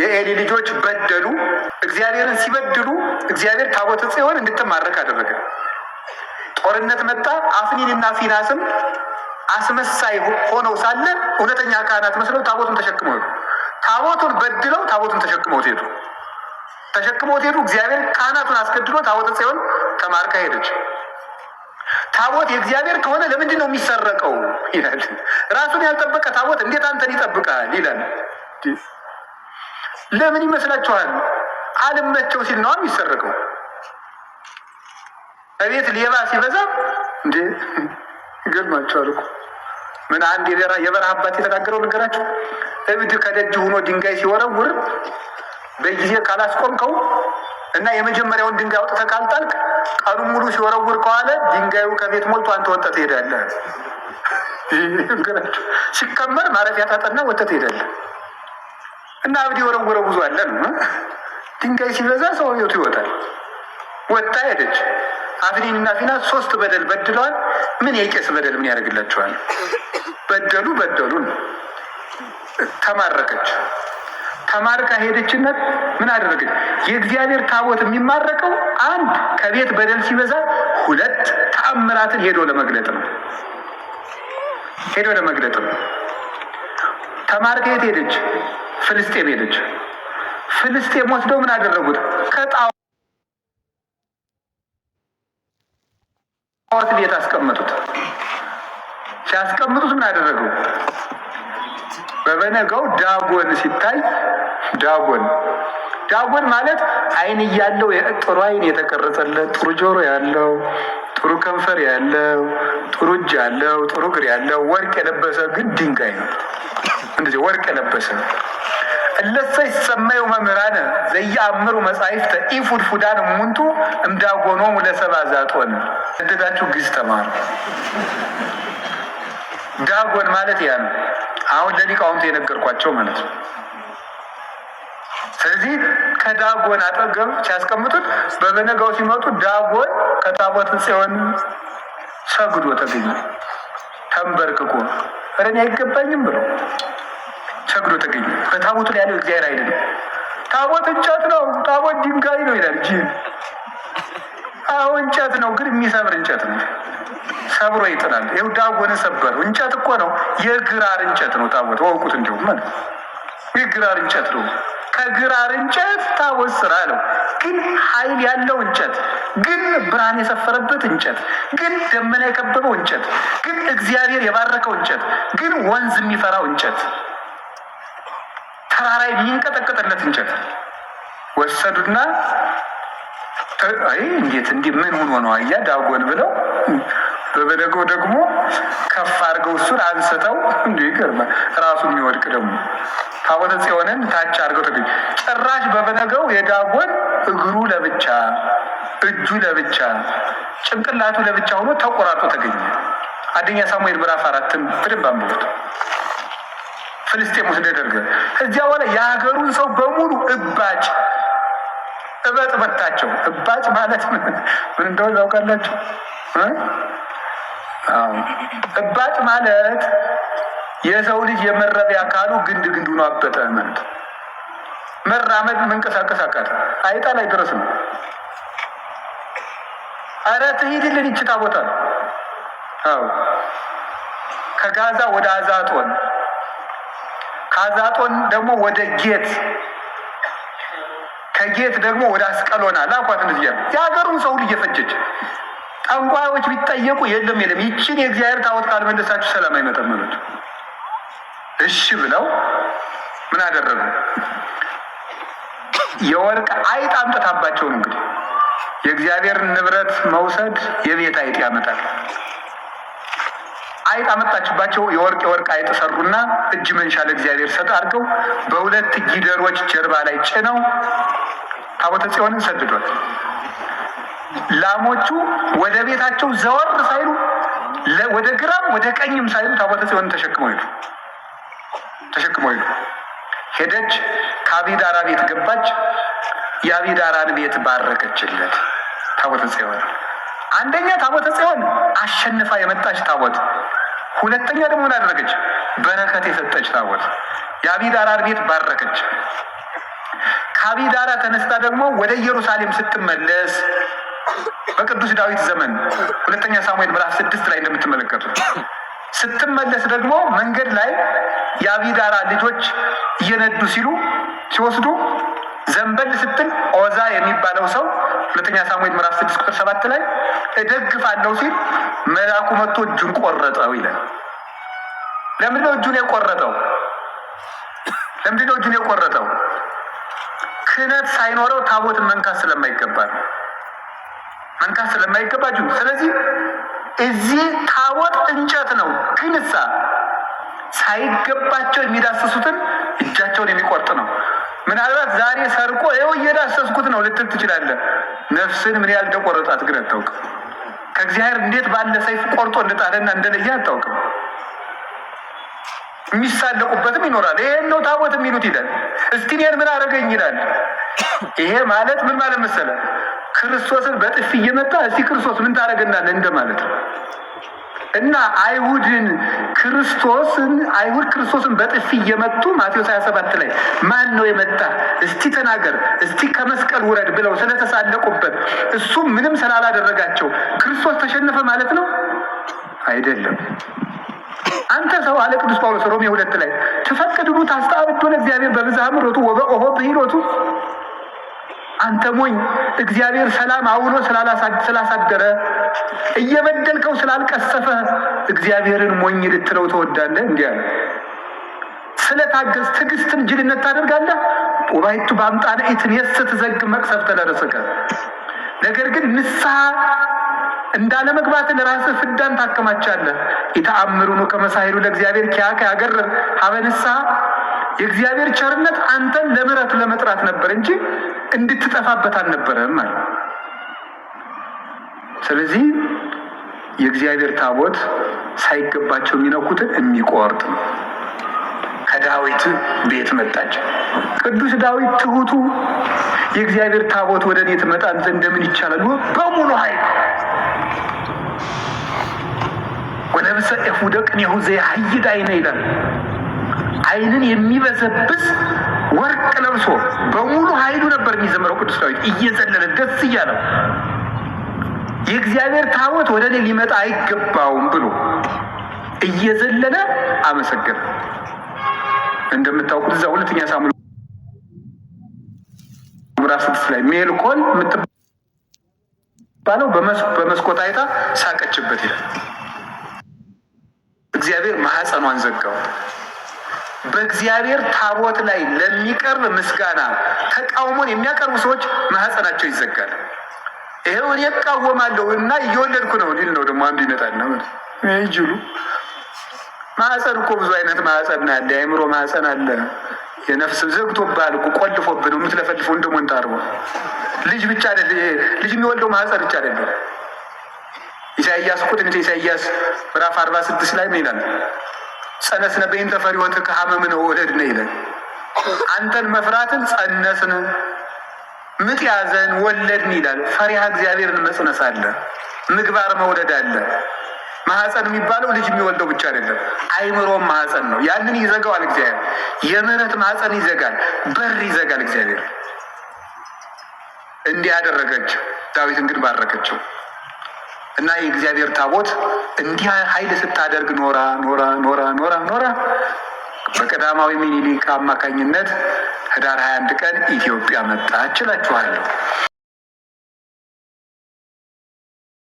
የኤሊ ልጆች በደሉ። እግዚአብሔርን ሲበድሉ እግዚአብሔር ታቦተ ጽዮን እንድትማረክ አደረገ። ጦርነት መጣ። አፍኒንና ፊናስም አስመሳይ ሆነው ሳለ እውነተኛ ካህናት መስለው ታቦቱን ተሸክመው ሄዱ። ታቦቱን በድለው ታቦቱን ተሸክመው ሄዱ። ተሸክመው ሄዱ። እግዚአብሔር ካህናቱን አስገድሎ ታቦተ ጽዮን ተማርካ ሄደች። ታቦት የእግዚአብሔር ከሆነ ለምንድን ነው የሚሰረቀው? ይላል። ራሱን ያልጠበቀ ታቦት እንዴት አንተን ይጠብቃል? ይላል። ለምን ይመስላችኋል? አልመቸው ሲል ነው የሚሰረቀው። እቤት ሌባ ሲበዛ እንዴ ይገርማችኋል እኮ ምን አንድ የበረሃ አባት የተናገረው ነገራቸው እብድ ከደጅ ሆኖ ድንጋይ ሲወረውር በጊዜ ካላስቆምከው እና የመጀመሪያውን ድንጋይ አውጥተህ ካልጣልክ ቀኑን ሙሉ ሲወረውር ከኋላ ድንጋዩ ከቤት ሞልቶ አንተ ወጥተህ ትሄዳለህ። ሲከመር ማረፊያ ታጠና ወጥተህ ትሄዳለህ። እና እብድ የወረወረ ጉዞ አለን። ድንጋይ ሲበዛ ሰው ህይወቱ ይወጣል። ወጣ ሄደች። አፍኒን እና ሶስት በደል በድለዋል። ምን የቄስ በደል ምን ያደርግላቸዋል? በደሉ በደሉን። ተማረከች። ተማርካ ሄደችነት ምን አደረገች? የእግዚአብሔር ታቦት የሚማረከው አንድ ከቤት በደል ሲበዛ፣ ሁለት ተአምራትን ሄዶ ለመግለጥ ነው። ሄዶ ለመግለጥ ነው። ተማርካ የት ሄደች? ፍልስጤም ሄደች። ፍልስጤም ወስደው ምን አደረጉት? ከጣዖት ቤት አስቀመጡት። ሲያስቀምጡት ምን አደረገው? በበነጋው ዳጎን ሲታይ ዳጎን ዳጎን ማለት አይን እያለው ጥሩ አይን የተቀረጸለት ጥሩ ጆሮ ያለው ጥሩ ከንፈር ያለው ጥሩ እጅ ያለው ጥሩ እግር ያለው ወርቅ የለበሰ ግን ድንጋይ ነው። እንደዚህ ወርቅ የለበሰ እለሰ ይሰመዩ መምህራን ዘየአምሩ መጻሕፍተ ኢፉድፉዳን እሙንቱ እምዳጎኖሙ ለሰብአ ዛጦን። እደዳችሁ ግዕዝ ተማሩ። ዳጎን ማለት ያ ነው። አሁን ለሊቃውንቱ የነገርኳቸው ማለት ነው። ስለዚህ ከዳጎን አጠገብ ሲያስቀምጡት በበነጋው ሲመጡ ዳጎን ከታቦት ጽዮን ሰግዶ ተገኘ ተንበርክኮ እኔ አይገባኝም ብሎ ቸግሮ ተገኘ። በታቦቱ ላይ ያለው እግዚአብሔር አይደለም። ታቦት እንጨት ነው፣ ታቦት ድንጋይ ነው ይላል ጂ አዎ እንጨት ነው፣ ግን የሚሰብር እንጨት ነው። ሰብሮ ይጥላል። ይኸው ዳጎን ሰበረው። እንጨት እኮ ነው፣ የግራር እንጨት ነው ታቦት። ወቁት እንዲሁም ማለት የግራር እንጨት ነው። ከግራር እንጨት ታቦት ስራ ነው። ግን ኃይል ያለው እንጨት፣ ግን ብርሃን የሰፈረበት እንጨት፣ ግን ደመና የከበበው እንጨት፣ ግን እግዚአብሔር የባረከው እንጨት፣ ግን ወንዝ የሚፈራው እንጨት ተራራ የሚንቀጠቀጥለት እንጨት ወሰዱና እንዴት እንዲህ ምን ምን ነው አያ ዳጎን ብለው በበደገው ደግሞ ከፍ አድርገው እሱን አንስተው እንዲ ይገርማል። ራሱ የሚወድቅ ደግሞ ታቦተ ጽዮንን ታች አድርገው ተገኝ ጭራሽ በበደገው የዳጎን እግሩ ለብቻ፣ እጁ ለብቻ፣ ጭንቅላቱ ለብቻ ሆኖ ተቆራርጦ ተገኘ። አንደኛ ሳሙኤል ምዕራፍ አራትን በደንብ አንብቡት። ፍልስጤም ውስጥ ደረገ። እዚያ በኋላ የሀገሩን ሰው በሙሉ እባጭ እበጥ በታቸው። እባጭ ማለት ምን እንደሆነ ያውቃላችሁ? እባጭ ማለት የሰው ልጅ የመረቢያ አካሉ ግንድ ግንዱ ነው አበጠ ማለት መራመድ መንቀሳቀስ አቃተ። አይጣ ላይ ድረስ ነው። አረ ትሂድልን ይችታ ቦታ ከጋዛ ወደ አዛጦን ከአዛጦን ደግሞ ወደ ጌት ከጌት ደግሞ ወደ አስቀሎና ላኳት። እነዚያ የሀገሩን ሰው ሁሉ እየፈጀች ጠንቋዮች ቢጠየቁ የለም የለም ይችን የእግዚአብሔር ታቦት ካልመለሳችሁ ሰላም አይመጣም አሏቸው። እሺ ብለው ምን አደረጉ? የወርቅ አይጥ አምጥታባቸው ነው እንግዲህ የእግዚአብሔር ንብረት መውሰድ የቤት አይጥ ያመጣል። አይጥ አመጣችባቸው። የወርቅ የወርቅ አይጥ ሰሩና እጅ መንሻ ለእግዚአብሔር ሰጥ አድርገው በሁለት ጊደሮች ጀርባ ላይ ጭነው ታቦተ ጽዮንን ሰድዷል። ላሞቹ ወደ ቤታቸው ዘወር ሳይሉ ወደ ግራም ወደ ቀኝም ሳይሉ ታቦተ ጽዮንን ተሸክመው ሄዱ። ተሸክመው ሄዱ። ሄደች፣ ከአቢዳራ ቤት ገባች። የአቢዳራን ቤት ባረከችለት ታቦተ ጽዮን አንደኛ ታቦተ ጽዮን አሸንፋ የመጣች ታቦት ሁለተኛ ደግሞ ምን አደረገች? በረከት የሰጠች ታቦት የአቢዳራር ቤት ባረከች። ከአቢዳራ ተነስታ ደግሞ ወደ ኢየሩሳሌም ስትመለስ በቅዱስ ዳዊት ዘመን ሁለተኛ ሳሙኤል ምዕራፍ ስድስት ላይ እንደምትመለከቱት ስትመለስ ደግሞ መንገድ ላይ የአቢዳራ ልጆች እየነዱ ሲሉ ሲወስዱ ዘንበል ስትል ኦዛ የሚባለው ሰው ሁለተኛ ሳሙኤል ምዕራፍ ስድስት ቁጥር ሰባት ላይ እደግፋለሁ ሲል መልአኩ መጥቶ እጁን ቆረጠው ይላል። ነው እጁን የቆረጠው? ነው እጁን የቆረጠው? ክህነት ሳይኖረው ታቦትን መንካት ስለማይገባ ነው። መንካት ስለማይገባ እጁ። ስለዚህ እዚህ ታቦት እንጨት ነው፣ ግን እሳ ሳይገባቸው የሚዳስሱትን እጃቸውን የሚቆርጥ ነው። ምናልባት ዛሬ ሰርቆ ይኸው እየዳሰስኩት ነው ልትል ትችላለህ። ነፍስን ምን ያህል እንደቆረጣት ግን አታውቅም። ከእግዚአብሔር እንዴት ባለ ሰይፍ ቆርጦ እንደጣለና እንደለየ አታውቅም። የሚሳለቁበትም ይኖራል። ይሄን ነው ታቦት የሚሉት ይላል። እስቲ እኔን ምን አደረገኝ ይላል። ይሄ ማለት ምን ማለት መሰለ? ክርስቶስን በጥፊ እየመጣ እስቲ ክርስቶስ ምን ታደረገናለ እንደማለት ነው። እና አይሁድን ክርስቶስን አይሁድ ክርስቶስን በጥፊ እየመቱ ማቴዎስ 27 ላይ ማን ነው የመጣ እስቲ ተናገር፣ እስቲ ከመስቀል ውረድ ብለው ስለተሳለቁበት እሱ ምንም ስላላደረጋቸው ክርስቶስ ተሸነፈ ማለት ነው አይደለም። አንተ ሰው አለ ቅዱስ ጳውሎስ ሮሜ ሁለት ላይ ትፈቅድ ሉ ለእግዚአብሔር በብዝሃ ምሕረቱ ወበኦሆ ብሂሎቱ አንተ ሞኝ እግዚአብሔር ሰላም አውሎ ስላሳደረ እየበደልከው ስላልቀሰፈ እግዚአብሔርን ሞኝ ልትለው ተወዳለህ? እንዲህ አለ። ስለታገስ ትዕግስትን ጅልነት ታደርጋለህ። ወባይቱ በአምጣነ ኢትኔስ ትዘግ መቅሰፍ ተደረሰከ። ነገር ግን ንስሐ እንዳለመግባት ለራስህ ፍዳን ታከማቻለህ። የተአምሩኑ ከመሳሄሉ ለእግዚአብሔር ኪያከ ያገርር ሀበ ንስሐ የእግዚአብሔር ቸርነት አንተን ለምሕረቱ ለመጥራት ነበር እንጂ እንድትጠፋበት አልነበረም አለ። ስለዚህ የእግዚአብሔር ታቦት ሳይገባቸው የሚነኩትን የሚቆርጥ ነው። ከዳዊት ቤት መጣች። ቅዱስ ዳዊት ትሁቱ የእግዚአብሔር ታቦት ወደ እኔ ትመጣ እንደምን ይቻላል? በሙሉ ኃይል ወለብሰ ኤፉደ ቅኔሁ ዘያህይድ አይነ ይላል ዓይንን የሚበሰብስ ወርቅ ለብሶ በሙሉ ኃይሉ ነበር የሚዘምረው ቅዱስ ዳዊት እየዘለለ ደስ እያለው የእግዚአብሔር ታቦት ወደ እኔ ሊመጣ አይገባውም ብሎ እየዘለለ አመሰገነ። እንደምታውቁት እዛ ሁለተኛ ሳሙ ምዕራፍ ስድስት ላይ ሜልኮል የምትባለው በመስኮት አይታ ሳቀችበት ይላል። እግዚአብሔር ማህፀኗን ዘጋው። በእግዚአብሔር ታቦት ላይ ለሚቀርብ ምስጋና ተቃውሞን የሚያቀርቡ ሰዎች ማህፀናቸው ይዘጋል። ይሄው እኔ እቃወማለሁ እና እየወለድኩ ነው ሊል ነው። ደግሞ አንዱ ይመጣል ነው ይጅሉ ማህፀን እኮ ብዙ አይነት ማህፀን አለ። የአእምሮ ማህፀን አለ። የነፍስ ዘግቶብሃል እኮ ቆልፎብህ ነው የምትለፈልፈው እንደ ሞንታርቦ ልጅ ብቻ አይደለ ልጅ የሚወልደው ማህፀን ብቻ አይደለም። ኢሳያስ እኮ ትንቢተ ኢሳያስ ምዕራፍ አርባ ስድስት ላይ ምን ይላል? ጸነስነ በእንተ ፈሪሆትከ ሀመምነ ወለድነ ይለን። አንተን መፍራትን ጸነስን፣ ምጥ ያዘን፣ ወለድን ይላል። ፈሪሃ እግዚአብሔርን መጽነስ አለ፣ ምግባር መውለድ አለ። ማህፀን የሚባለው ልጅ የሚወልደው ብቻ አይደለም፣ አይምሮም ማህፀን ነው። ያንን ይዘጋዋል እግዚአብሔር። የምህረት ማህፀን ይዘጋል፣ በር ይዘጋል እግዚአብሔር። እንዲህ ያደረገችው ዳዊትን ግን ባረከችው። እና የእግዚአብሔር ታቦት እንዲህ ኃይል ስታደርግ ኖራ ኖራ ኖራ ኖራ ኖራ በቀዳማዊ ሚኒሊክ አማካኝነት ህዳር 21 ቀን ኢትዮጵያ መጣ እላችኋለሁ።